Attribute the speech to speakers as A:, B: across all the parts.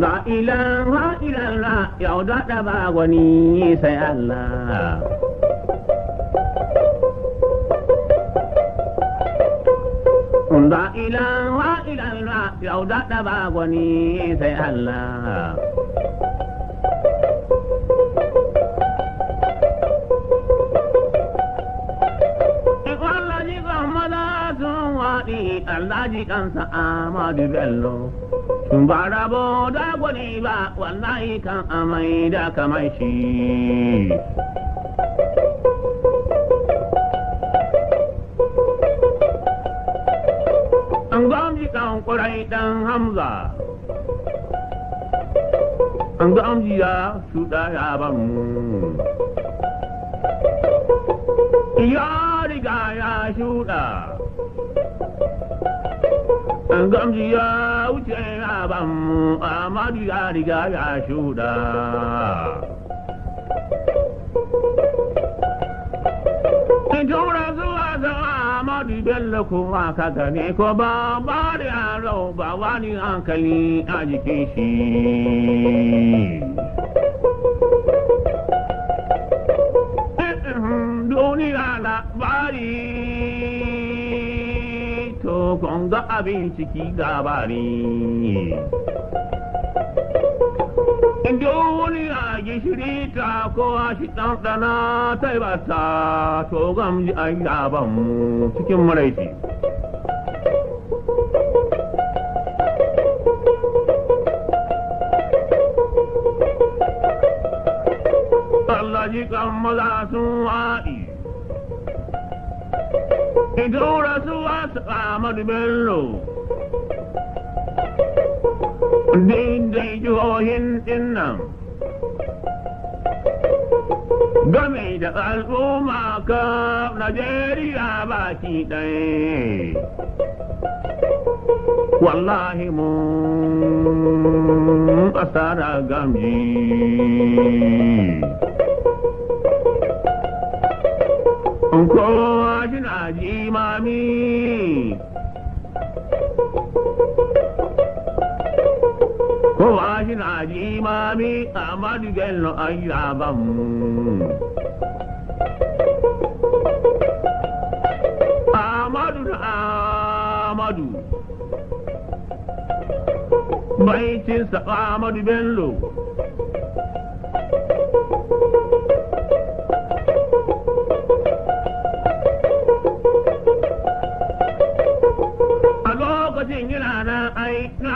A: La ilaha illallah ya daɗa ba sai Allah. La ilaha illallah ba sai Allah. Allah kansa Amadu Bello. Ba rabo da gwani ba wallahi kan amai da kamar shi. An gwamji kan kurai dan Hamza. An amji ya shuɗa ya ban mu. ya riga ya shuɗa. Gamji ya wuce ya mu Amadu ya riga ya shuɗa. Tura zuwa zama Amadu Bello kuma ka gane ko ba ba da yaro ba wani hankali a jikin shi. duniya labari to kun ga abin ciki gabari duniya gishiri ta kowa shi ɗanɗana ta ba ta to ji a yaban mu cikin maraici Allah ji kan maza sun waɗi Itura su wasu Ahmadu Bello. Daidai jihohin dinnan. Game da al'umma ka Najeriya baki ɗaya. Wallahi mun ƙasa da gamji. kowa shina ji mami kowa shina ji mami a madigan no ayyaban Amadu na Amadu baitin sa Amadu Bello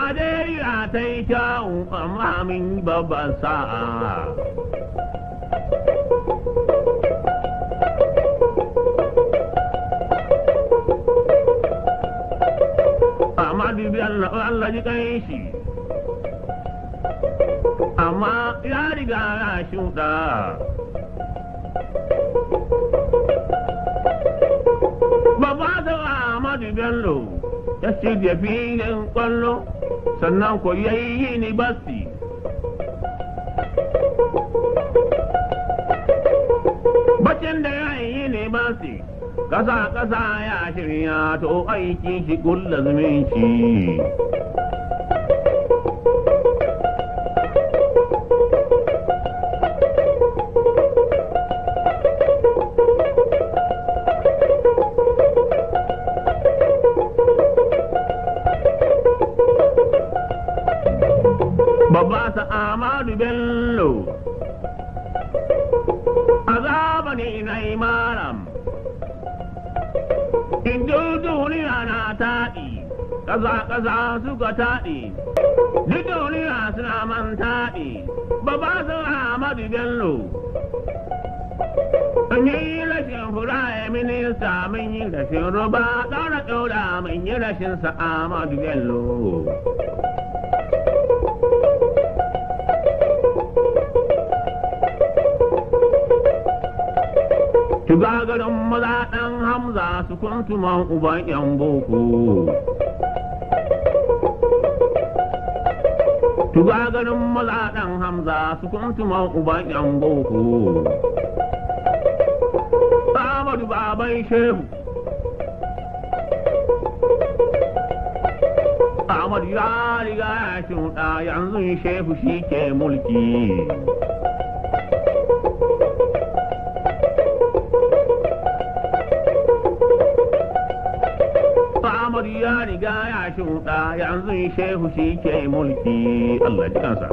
A: Najeriya ta yi kyawun amma mun yi babban sa'a. Amma dubi Allah ji kan shi. Amma ya riga ya shuɗa. Babba sa'a di Bello ya da filin kwallo sannan ko ya yi basi Bacin da ya yi basi ƙasa-ƙasa ya shirya to aiki shi kulla zumunci. Ahmadu Bello. A zamani na malam? indin duniya na taɗi, ƙasa-ƙasa suka taɗi, duk duniya suna man taɗi, babba sun Ahmadu Bello. Mun yi rashin fura ya minista mun yi rashin roba, ɗaura ɗaura mun yi rashin sa'a Ahmadu Bello. shiga garin maza ɗan hamza su kuntuman uban yan boko shiga garin maza ɗan hamza su kuntuman uban yan boko Ahmadu baban shehu Ahmadu ya riga ya shuɗa yanzu shehu shi ke mulki riga ya shuɗa yanzu shehu shi ke mulki Allah ji kansa.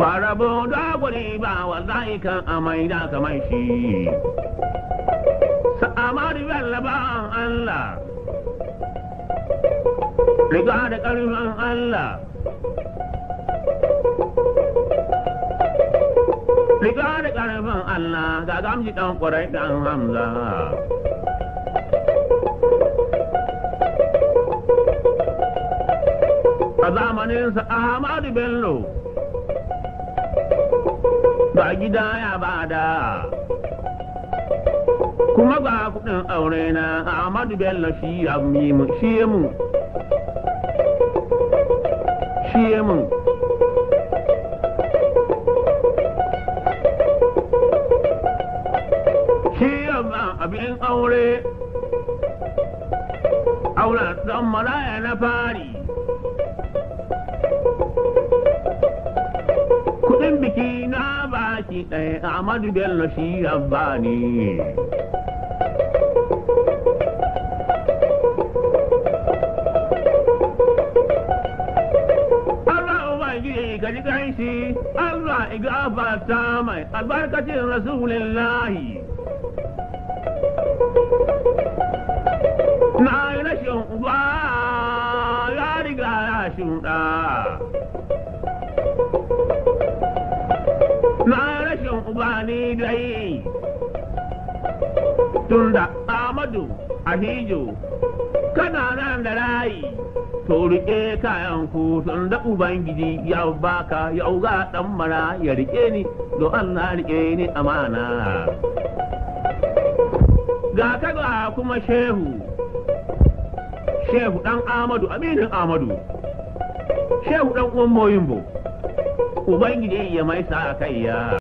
A: Ba rabo da ba wa kan amai da kamar shi. Sa'amari ba Allah. Riga da ƙarfin Allah. Riga da ƙarfin Allah ga gamji ɗan ƙwarai ɗan Hamza. a zamaninsa Ahmadu Bello ba gida ya bada kuma ba kudin aure na Ahmadu Bello shi ya mu shi ya mu shi ya mu shi ya abin aure aure don malaya na fari Kudin biki na ba shi ɗaya Ahmadu Bello shi rabbani. gari ganshi Allah mai albarkacin Rasulullahi. Na yi rashin uba ya riga ya shuɗa. daidai tunda amadu ahijo kana nan da rai to rike kayan ku sun da ubangiji ya baka ya uga dan mara ya rike ni do Allah rike ni amana ga ka ga kuma shehu shehu dan amadu aminin amadu shehu dan uwan bo ubangiji ya mai sa kai ya